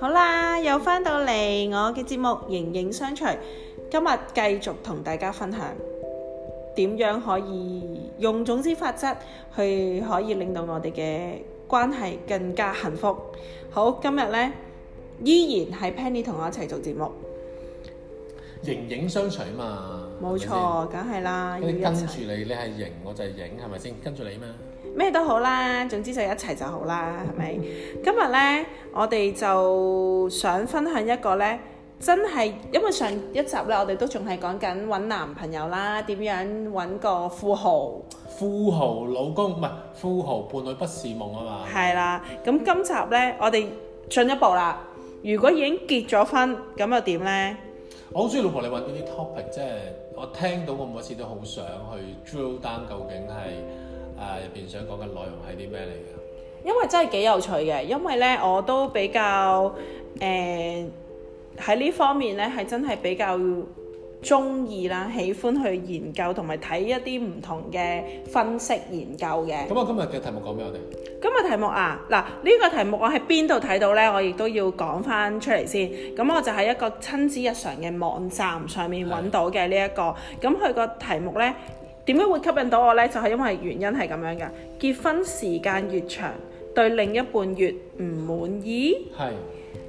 好啦，又翻到嚟我嘅節目《形影相隨》。今日繼續同大家分享點樣可以用種子之法則去可以令到我哋嘅關係更加幸福。好，今日呢，依然係 Penny 同我一齊做節目，《形影相隨》嘛，冇錯，梗係啦，跟住你，你係形我就係影，係咪先跟住你嘛？咩都好啦，總之就一齊就好啦，係咪？今日呢，我哋就想分享一個呢，真係因為上一集呢，我哋都仲係講緊揾男朋友啦，點樣揾個富豪？富豪老公唔係富豪伴侶不是夢啊嘛。係啦，咁今集呢，我哋進一步啦。如果已經結咗婚，咁又點呢？我好中意老婆你揾嗰啲 topic，即係我聽到我每次都好想去 drill down，究竟係。誒入邊想講嘅內容係啲咩嚟㗎？因為真係幾有趣嘅，因為咧我都比較誒喺呢方面咧係真係比較中意啦，喜歡去研究同埋睇一啲唔同嘅分析研究嘅。咁我、嗯、今日嘅題目講俾我哋。今日題目啊，嗱呢個題目我喺邊度睇到咧？我亦都要講翻出嚟先。咁我就喺一個親子日常嘅網站上面揾到嘅呢一個。咁佢個題目咧。點解會吸引到我呢？就係、係、因為原因係咁樣嘅，結婚時間越長，對另一半越唔滿意。係是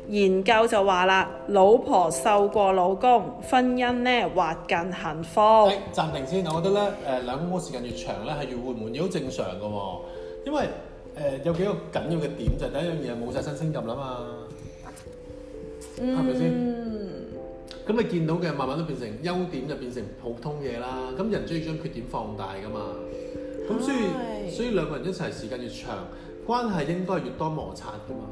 研究就話啦，老婆瘦過老公，婚姻呢會更幸福。誒、哎，暫停先，我覺得咧，誒兩公婆時間越長咧，係越唔滿意，好正常嘅喎、哦。因為、呃、有幾個緊要嘅點，就係、第一樣嘢冇晒新鮮感啦嘛。係咪先、嗯？吧咁你見到嘅慢慢都變成優點，就變成普通嘢啦。咁人中意將缺點放大噶嘛。咁所以、啊、所以兩個人一齊時間越長，關係應該係越多摩擦噶嘛。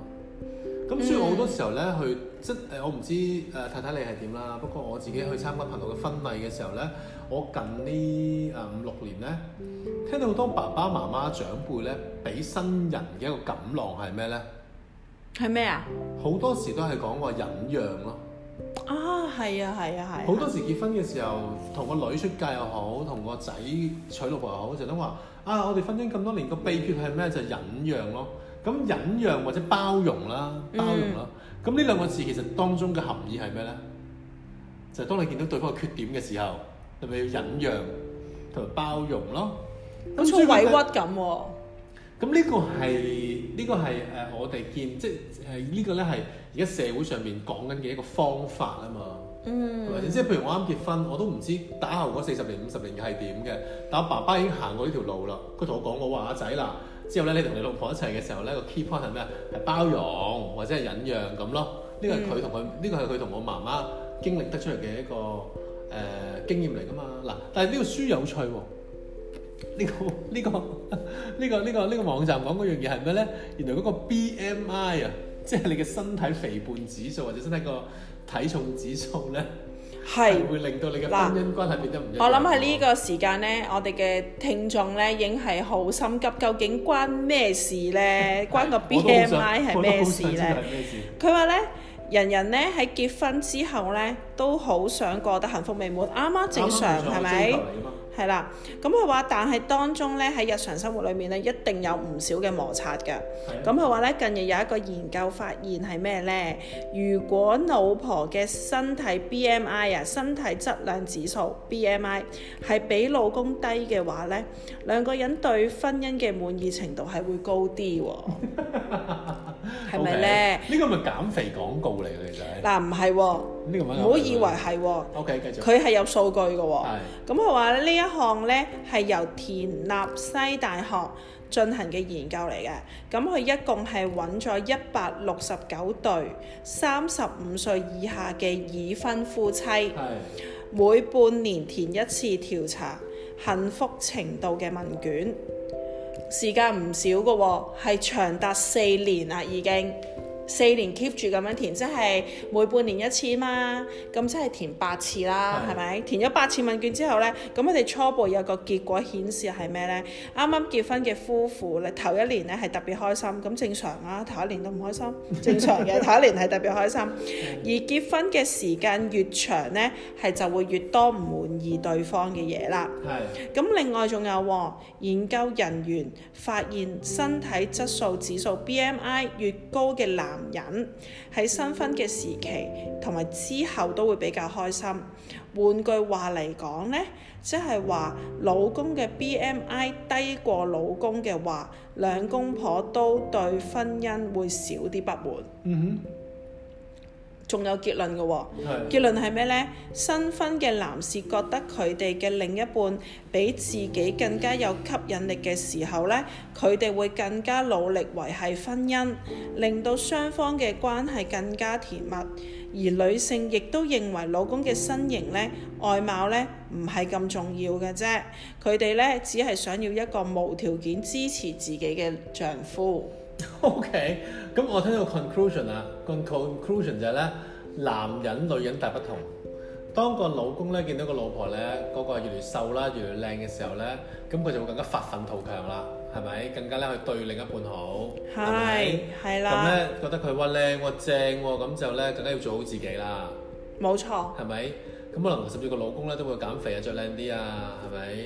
咁所以我好多時候咧，嗯、去，即誒我唔知誒、呃、太太你係點啦。不過我自己去參加朋友嘅婚禮嘅時候咧，嗯、我近5，呢誒五六年咧，嗯、聽到好多爸爸媽媽長輩咧，俾新人嘅一個感浪係咩咧？係咩啊？好多時都係講話忍讓咯。啊，係啊，係啊，係、啊！好、啊、多時結婚嘅時候，同個女出嫁又好，同個仔娶老婆又好，就都話啊，我哋婚姻咁多年，個秘訣係咩？嗯、就係忍讓咯。咁、嗯、忍讓或者包容啦，包容啦。咁呢兩個字其實當中嘅含義係咩咧？就係、是、當你見到對方嘅缺點嘅時候，係咪要忍讓同埋包容咯？好似委屈咁。嗯嗯嗯嗯嗯咁呢個係呢、呢個係誒、呃、我哋見即係呢、呃呢個呢係而家社會上面講緊嘅一個方法啊嘛，嗯，即係、就是、譬如我啱結婚，我都唔知打後嗰四十年五十年係點嘅，但我爸爸已經行過呢條路啦，佢同我講，我話阿仔啦，之後呢，你同你老婆一齊嘅時候呢、呢個 key point 係咩啊？係包容或者係忍讓咁咯，呢、呢個係佢同佢呢個係佢同我媽媽經歷得出嚟嘅一個誒、呃、經驗嚟㗎嘛，嗱，但係呢個書有趣喎、哦。呢、這個呢、這個呢、這個呢個呢個網站講嗰樣嘢係咩呢？原來嗰個 BMI 啊，即係你嘅身體肥胖指數或者身體個體重指數呢，係是會令到你嘅婚姻關係變得唔一樣。我諗喺呢個時間呢，我哋嘅聽眾呢，已經係好心急，究竟關咩事呢？關個 BMI 係咩事呢？佢話呢，人人呢喺結婚之後呢，都好想過得幸福美滿，啱啱正常係咪？剛剛係啦，咁佢話，但係當中咧喺日常生活裏面咧，一定有唔少嘅摩擦嘅。咁佢話咧，近日有一個研究發現係咩咧？如果老婆嘅身體 BMI 啊，身體質量指數 BMI 係比老公低嘅話咧，兩個人對婚姻嘅滿意程度係會高啲喎。係咪咧？呢、okay. 個咪減肥廣告嚟嘅？其實嗱，唔係喎。唔好以為係、哦，佢係、okay，有數據嘅、哦。咁佢話呢一項呢係由田納西大學進行嘅研究嚟嘅。咁、嗯、佢一共係揾咗一百六十九對三十五歲以下嘅已婚夫妻，是的。每半年填一次調查幸福程度嘅問卷，時間唔少嘅、哦，係長達四年啦已經。四年 keep 住咁樣填，即係每半年一次嘛，咁即係填八次啦，係咪的？填咗八次問卷之後咧，咁我哋初步有個結果顯示係咩咧？啱啱結婚嘅夫婦咧，頭一年咧係特別開心，咁正常啊，頭一年都唔開心，正常嘅， 頭一年係特別開心。的而結婚嘅時間越長咧，係就會越多唔滿意對方嘅嘢啦。係的。咁另外仲有，研究人員發現身體質素指數 BMI 越高嘅男，男人喺新婚嘅時期同埋之後都會比較開心。換句話嚟講呢，即係話老公嘅 BMI 低過老公嘅話，兩公婆都對婚姻會少啲不滿。仲有結論嘅喎、哦，結論係咩呢？新婚嘅男士覺得佢哋嘅另一半比自己更加有吸引力嘅時候呢，佢哋會更加努力維繫婚姻，令到雙方嘅關係更加甜蜜。而女性亦都認為老公嘅身形呢、呢外貌呢唔係咁重要嘅啫，佢哋呢只係想要一個無條件支持自己嘅丈夫。OK，咁我聽到 conclusion 啦，con conclusion 就係咧，男人女人大不同。當個老公咧，見到個老婆咧，嗰個越嚟越瘦啦，越嚟越靚嘅時候咧，咁佢就會更加發奮圖強啦，係咪？更加咧去對另一半好，係係啦。咁咧覺得佢哇靚哇正喎，咁就咧更加要做好自己啦。冇錯。係咪？咁可能甚至個老公咧都會減肥啊，着靚啲啊，係咪？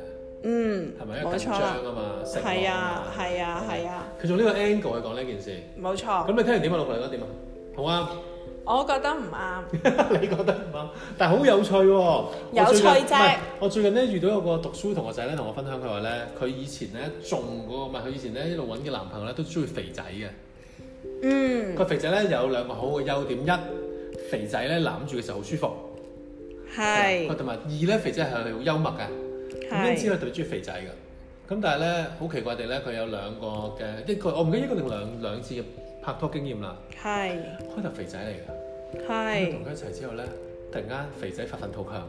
嗯，係咪因為緊張啊嘛？係啊，係啊，係啊。佢從呢個 angle 去講呢件事，冇錯。咁你聽完點啊？老婆你覺得點啊？好啊？我覺得唔啱。 你覺得唔啱？但係好有趣喎、哦。有趣啫。我最近咧遇到有個讀書同學仔咧，同我分享佢話咧，佢以前咧仲嗰個，唔係佢以前咧一路揾嘅男朋友咧，都中意肥仔嘅。嗯。個肥仔咧有兩個好嘅優點，一肥仔咧攬住嘅時候好舒服。係是。同埋二咧，肥仔係好幽默嘅。咁因知佢對住肥仔嘅，咁但係咧好奇怪地咧，佢有兩個嘅一個我唔記得一個定兩兩次嘅拍拖經驗啦。係開頭肥仔嚟嘅，係同佢一齊之後咧，突然間肥仔發奮圖強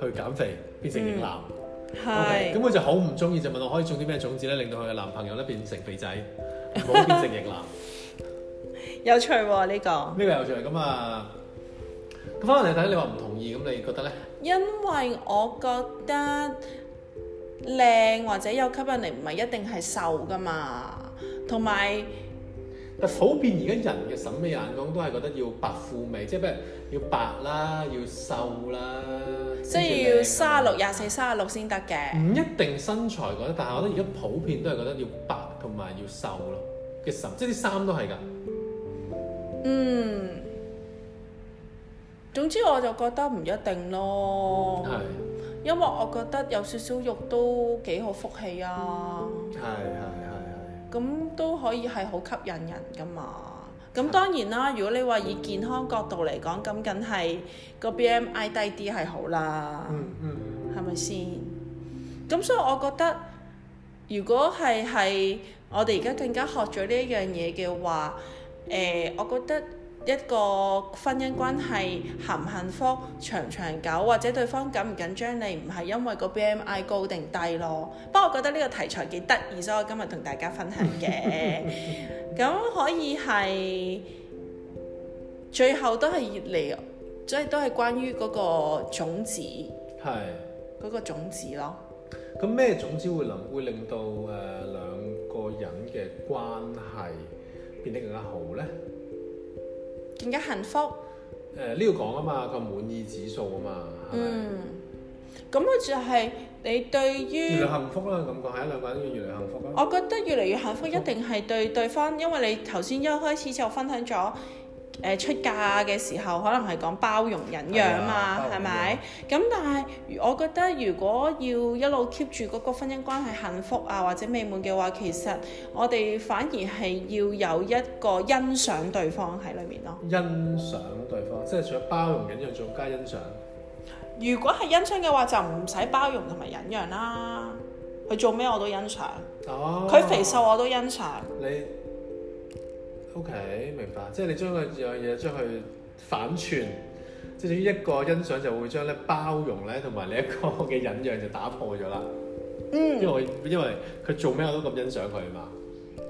去減肥，變成型男。係咁佢就好唔中意，就問我可以種啲咩種子咧，令到佢嘅男朋友咧變成肥仔，唔好變成型男。有趣喎呢個，呢個有趣咁啊！咁翻返嚟睇，你話唔同意咁，你覺得咧？因為我覺得靚或者有吸引力唔係一定係瘦㗎嘛，同埋、嗯。但普遍而家人嘅審美眼光都係覺得要白富美，即係譬如要白啦，要瘦啦，即係要三十六廿四、三十六先得嘅。唔一定身材覺得，但係我覺得而家普遍都係覺得要白同埋要瘦咯，嘅瘦即係啲衫都係㗎。嗯。總之我就覺得唔一定咯，的因為我覺得有少少肉都幾好福氣啊。係係係，咁都可以係好吸引人㗎嘛。咁當然啦，的如果你話以健康角度嚟講，咁梗係個 BMI 低啲係好啦。嗯。係咪先？咁吧的所以我覺得，如果係係我哋而家更加學咗呢樣嘢嘅話，誒、呃，我覺得。一個婚姻關係幸唔幸福，長唔長久，或者對方緊唔緊張你，你唔係因為個 BMI 高定低咯。不過我覺得呢個題材幾得意，所以我今日同大家分享嘅。咁 可以係最後都係越嚟，即係都係關於嗰個種子，係嗰是個種子咯。咁咩種子會令會令到誒、呃、兩個人嘅關係變得更加好呢？點解幸福？誒呢度講啊嘛，個滿意指數啊嘛。嗯，咁啊就係你對於幸福啦，感覺係一兩個人越嚟越幸福啦。我覺得越嚟越幸福，一定係對對方，因為你頭先一開始就分享咗，出嫁嘅時候，可能係講包容忍讓嘛，係咪、哎？咁、嗯、但係我覺得，如果要一路 keep 住嗰個婚姻關係幸福啊，或者美滿嘅話，其實我哋反而係要有一個欣賞對方喺裏面咯。欣賞對方，即係除咗包容忍讓，仲加欣賞。如果係欣賞嘅話，就唔使包容同埋忍讓啦。佢做咩我都欣賞。佢、哦、肥瘦我都欣賞。你。O、okay, K，明白，即係你將佢樣嘢將佢反串，即係於一個欣賞就會將咧包容咧同埋你一個嘅忍讓就打破咗啦。嗯，因，因為因為佢做咩我都咁欣賞佢嘛。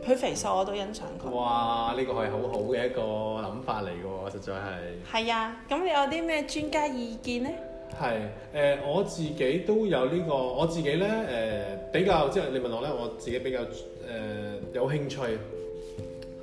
佢肥瘦我都欣賞佢。哇，呢個係好好嘅一個諗法嚟嘅喎，實在係。係啊，咁你有啲咩專家意見咧？係，誒、呃、我自己都有呢、這個，我自己咧誒、呃、比較即係你問我咧，我自己比較誒、呃、有興趣。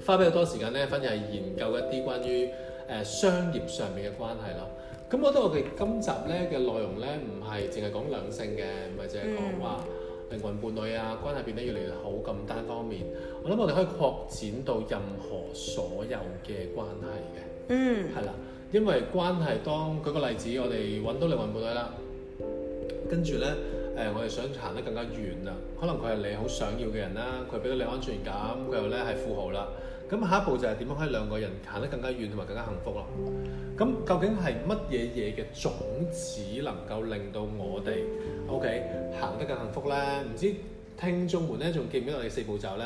花比較多時間咧，反而係研究一啲關於誒、呃、商業上面嘅關係啦。咁我覺得我哋今集咧嘅內容咧，唔係淨係講兩性嘅，唔係淨係講話靈魂伴侶啊，關係變得越嚟越好咁單方面。我諗我哋可以擴展到任何所有嘅關係嘅。嗯，係啦，因為關係當舉個例子，我哋揾到靈魂伴侶啦，跟住咧誒，我哋想行得更加遠啦。可能佢係你好想要嘅人啦，佢俾到你安全感，佢又咧係富豪啦。咁下一步就係點樣可以兩個人行得更加遠同埋更加幸福咯？咁究竟係乜嘢嘢嘅種子能夠令到我哋 OK 行得更幸福咧？唔知聽眾們咧仲記唔記得我哋四步驟咧？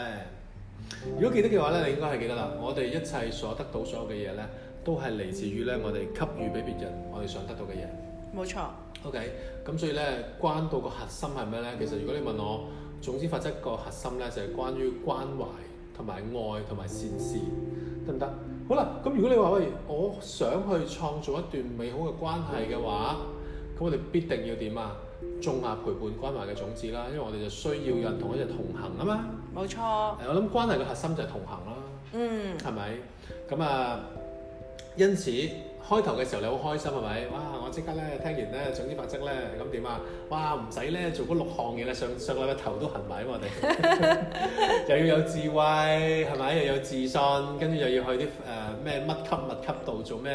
如果記得嘅話咧，你應該係記得啦。我哋一切所得到所有嘅嘢咧，都係嚟自於咧我哋給予俾別人，我哋想得到嘅嘢。冇錯。OK，咁所以咧關到個核心係咩咧？其實如果你問我種子法則個核心咧，就係關於關懷。同埋愛同埋善事，得唔得？好啦，咁如果你話喂，我想去創造一段美好嘅關係嘅話，咁我哋必定要點啊？種下陪伴關懷嘅種子啦，因為我哋就需要有人同一齊同行啊嘛。冇錯。誒，我諗關係嘅核心就係同行啦。嗯。係咪？咁啊，因此。開頭嘅時候你好開心係咪？哇！我即刻咧聽完咧總之發跡咧咁點啊？哇！唔使咧做嗰六項嘢咧，上上禮拜頭都痕埋啊嘛！我哋又要有智慧係咪？又有自信，跟住又要去啲誒咩乜級物級度做咩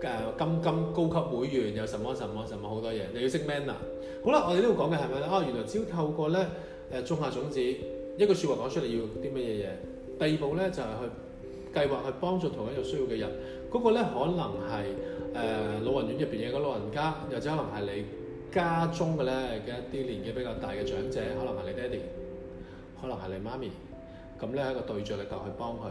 誒金金高級會員又什麼什麼什麼好多嘢，你要識 manner。好啦，我哋呢度講嘅係咪咧？啊，原來只要透過咧誒種下種子，一個説話講出嚟要啲乜嘢嘢。第二步咧就係去計劃去幫助同一個需要嘅人。不過咧可能係誒、呃、老人院入邊嘅個老人家，又或者可能係你家中嘅咧嘅一啲年紀比較大嘅長者，可能係你爹哋，可能係你媽咪，咁咧一個對象你嚟去幫佢。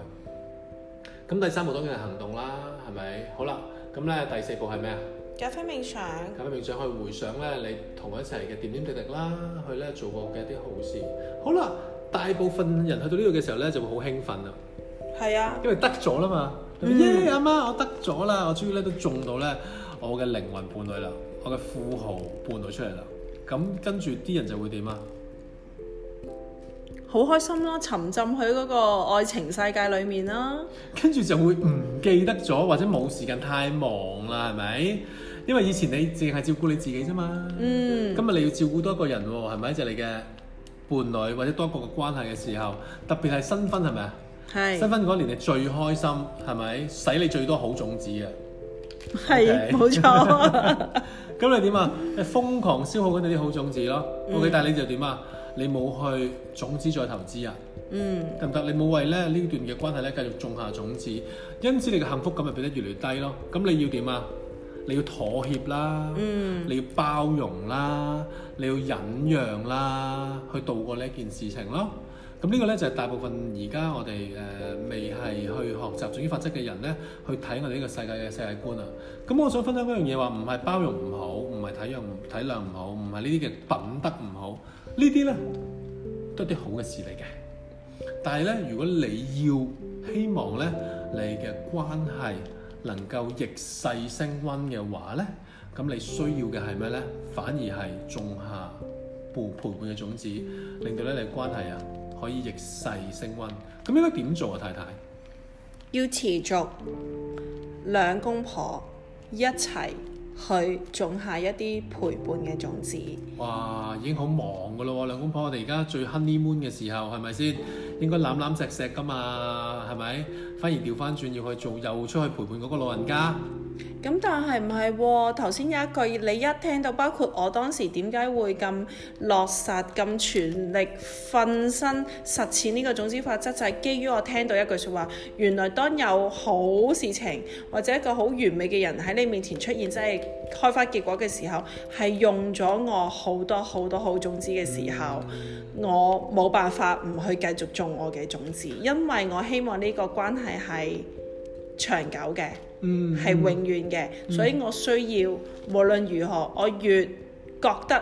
咁第三步當然係行動啦，係咪？好啦，咁咧第四步係咩啊？咖啡冥想。咖啡冥想去回想咧，你同佢一齊嘅點點滴滴啦，去咧做過嘅一啲好事。好啦，大部分人去到呢度嘅時候咧，就會好興奮啦。係啊。因為得咗啦嘛。耶！阿、yeah，媽，我得咗啦！我終於咧都中到咧，我嘅靈魂伴侶啦，我嘅富豪伴侶出嚟啦！咁跟住啲人就會點啊？好開心咯、啊，沉浸喺嗰個愛情世界裡面啦、啊。跟住就會唔記得咗，或者冇時間太忙啦，係咪？因為以前你淨係照顧你自己啫嘛。嗯。今日你要照顧多一個人喎，係咪就係、你嘅伴侶或者多個嘅關係嘅時候，特別係新婚係咪啊？係新婚嗰年你最開心係咪？使你最多好種子啊，係冇錯。咁你點啊？你瘋狂消耗緊你啲好種子咯。嗯，OK，但係你就點啊？你冇去種子再投資啊？嗯，得唔得？你冇為咧呢段嘅關係咧繼續種下種子，因此你嘅幸福感咪變得越嚟越低咯。咁你要點啊？你要妥協啦，嗯，你要包容啦，你要忍讓啦，去度過呢一件事情咯。咁呢個咧就係、是、大部分而家我哋誒、呃、未係去學習仲於法則嘅人咧，去睇我哋呢個世界嘅世界觀啊。咁、嗯、我想分享嗰樣嘢話，唔係包容唔好，唔係體諒體諒唔好，唔係呢啲嘅品德唔好，呢啲咧都係啲好嘅事嚟嘅。但係咧，如果你要希望咧你嘅關係能夠逆勢升温嘅話咧，咁你需要嘅係咩咧？反而係種下培陪伴嘅種子，令到咧你嘅關係啊～可以逆勢升温，咁應該點做啊，太太？要持續兩公婆一齊去種下一啲陪伴嘅種子。哇，已經好忙噶咯，兩公婆，我哋而家最 honey moon 嘅時候係咪先？應該攬攬錫錫噶嘛，係咪？反而調翻轉要去做，又出去陪伴嗰個老人家。咁但係唔係喎？頭先有一句，你一聽到，包括我當時點解會咁落實、咁全力、瞓身實踐呢個種子法則，就係基於我聽到一句說話。原來當有好事情或者一個好完美嘅人喺你面前出現，即係開花結果嘅時候，係用咗我好多好多好種子嘅時候，我冇辦法唔去繼續種我嘅種子，因為我希望呢個關係係。長久嘅，係、嗯、永遠嘅，嗯、所以我需要無論如何，我越覺得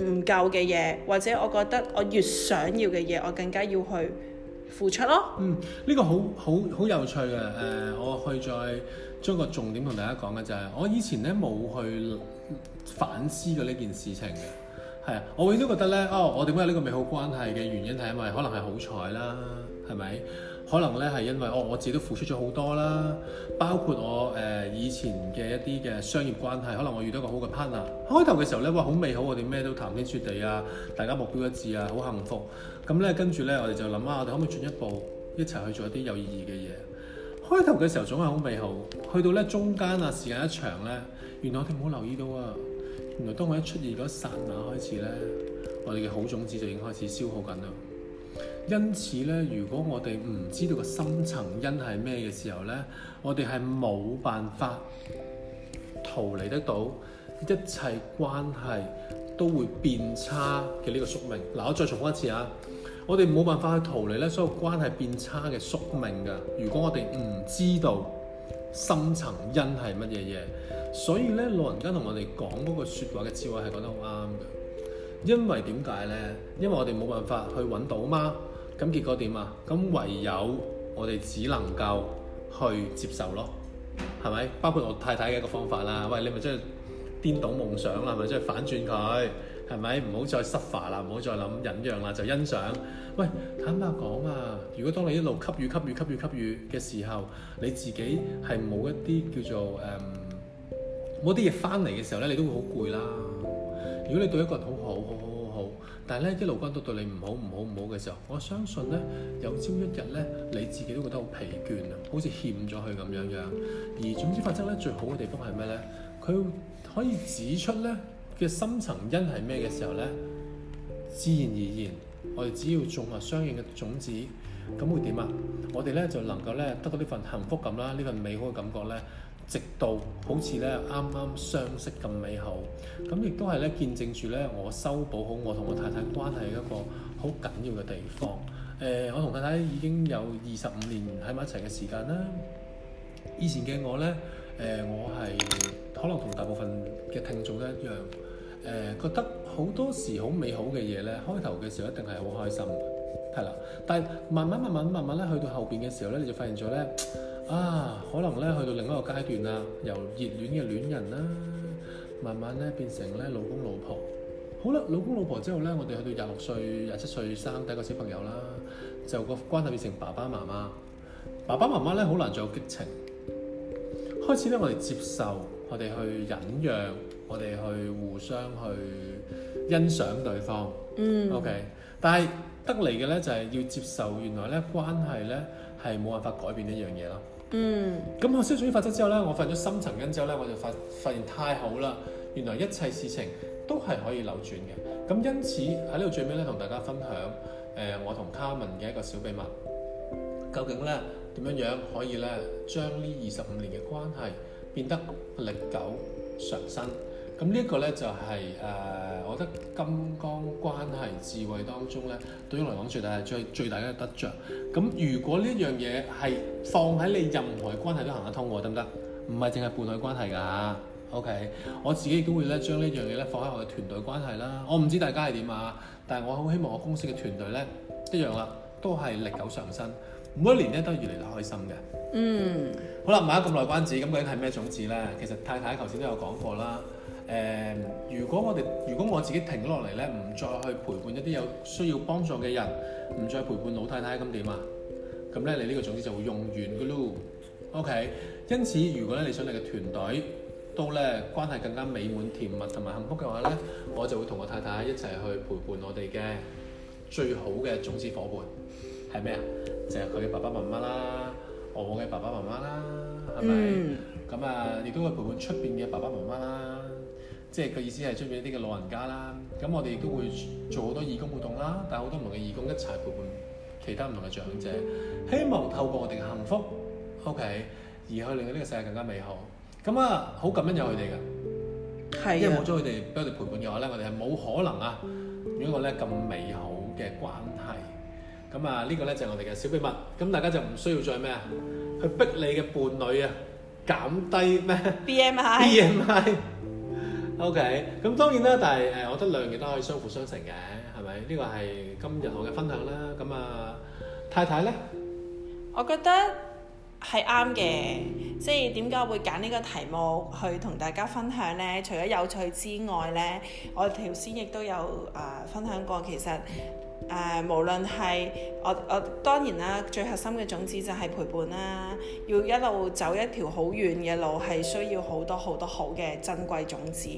唔夠嘅嘢，或者我覺得我越想要嘅嘢，我更加要去付出咯。嗯，呢、這個好好好有趣嘅，誒、呃，我去再將個重點同大家講嘅就係，我以前呢冇去反思過呢件事情嘅，係啊，我永遠都覺得呢，哦，我點解有呢個美好關係嘅原因係因為可能係好彩啦，係咪？可能咧係因為哦，我自己都付出咗好多啦，包括我誒、呃、以前嘅一啲嘅商業關係，可能我遇到一個好嘅 partner。開頭嘅時候咧，話好美好，我哋咩都談天説地啊，大家目標一致啊，好幸福。咁咧跟住咧，我哋就諗下、啊，我哋可唔可以進一步一齊去做一啲有意義嘅嘢？開頭嘅時候總係好美好，去到咧中間啊，時間一長咧，原來我哋唔好留意到啊，原來當我一出現嗰一剎那開始咧，我哋嘅好種子就已經開始消耗緊啦。因此咧，如果我哋唔知道個深層因係咩嘅時候咧，我哋係冇辦法逃離得到一切關係都會變差嘅呢個宿命。嗱，我再重複一次啊，我哋冇辦法去逃離咧所有關係變差嘅宿命噶。如果我哋唔知道深層因係乜嘢嘢，所以咧，老人家同我哋講嗰個說話嘅智慧係講得好啱嘅。因為點解咧？因為我哋冇辦法去揾到嘛。咁結果點啊？咁唯有我哋只能夠去接受咯，係咪？包括我太太嘅一個方法啦。喂，你咪真係顛倒夢想啦，係咪係反轉佢？係咪唔好再失乏啦，唔好再諗忍讓啦，就欣賞。喂，坦白講啊，如果當你一路給予、給予、給予、給予嘅時候，你自己係冇一啲叫做誒冇啲嘢翻嚟嘅時候咧，你都會好攰啦。如果你對一個人好，但係咧，啲老關都對你唔好，唔好，唔好嘅時候，我相信咧，有朝一日咧，你自己都覺得好疲倦啊，好似欠咗佢咁樣樣。而種子法則咧最好嘅地方係咩咧？佢可以指出咧嘅深層因係咩嘅時候咧？自然而然，我哋只要種下相應嘅種子，咁會點啊？我哋咧就能夠咧得到呢份幸福感啦，呢份美好嘅感覺咧。直到好似咧啱啱相識咁美好，咁亦都係咧見證住咧我修補好我同我太太關係一個好緊要嘅地方。誒、呃，我同太太已經有二十五年喺埋一齊嘅時間啦。以前嘅我呢，誒、呃，我係可能同大部分嘅聽眾都一樣，誒、呃，覺得好多時好美好嘅嘢呢，開頭嘅時候一定係好開心，係啦。但係慢慢慢慢慢慢咧，去到後邊嘅時候呢，你就發現咗呢。啊，可能咧去到另一個階段啦，由熱戀嘅戀人啦，慢慢咧變成咧老公老婆。好啦，老公老婆之後咧，我哋去到廿六歲、廿七歲生第一個小朋友啦，就個關係變成爸爸媽媽。爸爸媽媽咧，好難再有激情。開始咧，我哋接受，我哋去忍讓，我哋去互相去欣賞對方。嗯，O K。Okay? 但係得嚟嘅咧就係、是、要接受，原來咧關係咧係冇辦法改變呢樣嘢咯。嗯，咁我學識咗啲法則之後呢，我發咗深層因之後呢，我就發發現太好啦，原來一切事情都係可以扭轉嘅。咁因此喺呢度最尾呢，同大家分享，誒、呃、我同卡文嘅一個小秘密，究竟呢，點樣樣可以呢將呢二十五年嘅關係變得歷久常新？咁呢一個呢就係、是、誒。呃我覺得金剛關係智慧當中咧，對於我嚟講最大係最最大嘅得着。咁如果呢樣嘢係放喺你任何關係都行得通喎，得唔得？唔係淨係伴侶關係㗎。OK，我自己都會咧將呢樣嘢咧放喺我嘅團隊關係啦。我唔知大家係點啊，但係我好希望我公司嘅團隊咧一樣啦，都係歷久常新，每一年咧都越嚟越開心嘅。嗯。好啦，賣咗咁耐關子，咁究竟係咩種子咧？其實太太頭先都有講過啦。誒，如果我哋如果我自己停落嚟咧，唔再去陪伴一啲有需要幫助嘅人，唔再陪伴老太太咁點啊？咁咧，你呢個種子就會用完噶咯。OK，因此如果咧你想你嘅團隊都咧關係更加美滿甜蜜同埋幸福嘅話咧，我就會同我太太一齊去陪伴我哋嘅最好嘅種子伙伴係咩啊？就係佢嘅爸爸媽媽啦，我嘅爸爸媽媽啦，係咪咁啊？亦都會陪伴出面嘅爸爸媽媽啦。即係佢意思係出面一啲嘅老人家啦，咁我哋亦都會做好多義工活動啦，但係好多唔同嘅義工一齊陪伴其他唔同嘅長者，希望透過我哋嘅幸福，OK，而去令到呢個世界更加美好。咁啊，好感恩有佢哋嘅，因為冇咗佢哋俾我哋陪伴嘅話咧，我哋係冇可能啊，有一個咧咁美好嘅關係。咁啊，這個、呢個咧就係、是、我哋嘅小秘密。咁大家就唔需要再咩啊？去逼你嘅伴侶啊減低咩？BMI？BMI？OK，咁當然啦，但係誒，我覺得兩樣都可以相輔相成嘅，係咪？呢個係今日我嘅分享啦。咁啊，太太呢，我覺得係啱嘅。即係點解我會揀呢個題目去同大家分享呢？除咗有趣之外呢，我頭先亦都有誒分享過，其實。誒，uh, 無論係我，我當然啦，最核心嘅種子就係陪伴啦。要一路走一條好遠嘅路，係需要好多好多好嘅珍貴種子。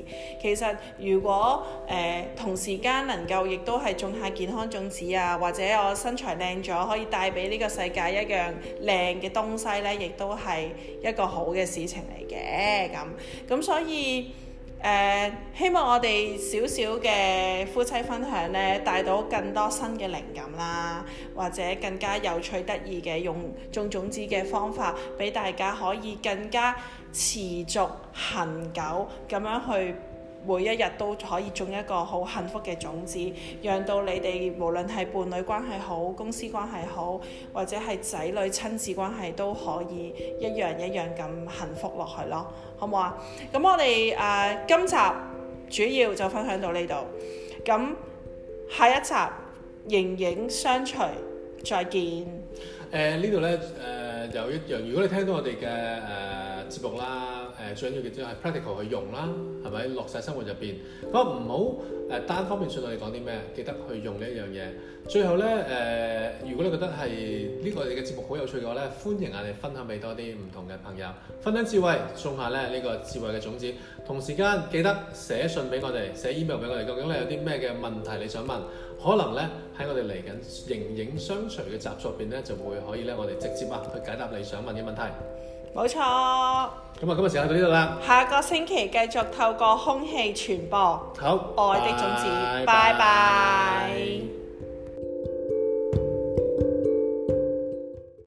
其實如果誒、呃、同時間能夠亦都係種下健康種子啊，或者我身材靚咗，可以帶俾呢個世界一樣靚嘅東西呢，亦都係一個好嘅事情嚟嘅。咁咁所以。誒、uh, 希望我哋少少嘅夫妻分享呢，帶到更多新嘅靈感啦，或者更加有趣得意嘅用種種子嘅方法，俾大家可以更加持續恒久咁樣去。每一日都可以種一個好幸福嘅種子，讓到你哋無論係伴侶關係好、公司關係好，或者係仔女親子關係都可以一樣一樣咁幸福落去咯，好唔好啊？咁我哋誒、呃、今集主要就分享到呢度，咁下一集形影相隨，再見。誒呢度呢，誒、呃、有一樣，如果你聽到我哋嘅誒、呃節目啦，誒最緊要嘅就係 practical 去用啦，係咪落晒生活入邊？咁唔好誒單方面信我哋講啲咩，記得去用呢一樣嘢。最後咧，誒、呃、如果你覺得係呢個你嘅節目好有趣嘅話咧，歡迎啊你分享俾多啲唔同嘅朋友，分享智慧，送下咧呢、呢個智慧嘅種子。同時間記得寫信俾我哋，寫 email 俾我哋，究竟咧有啲咩嘅問題你想問？可能咧喺我哋嚟緊形影相隨嘅集數入邊咧，就會可以咧我哋直接啊去解答你想問嘅問題。冇錯，咁啊，今日時間到呢度啦，下個星期繼續透過空氣傳播，好，愛的種子，拜拜。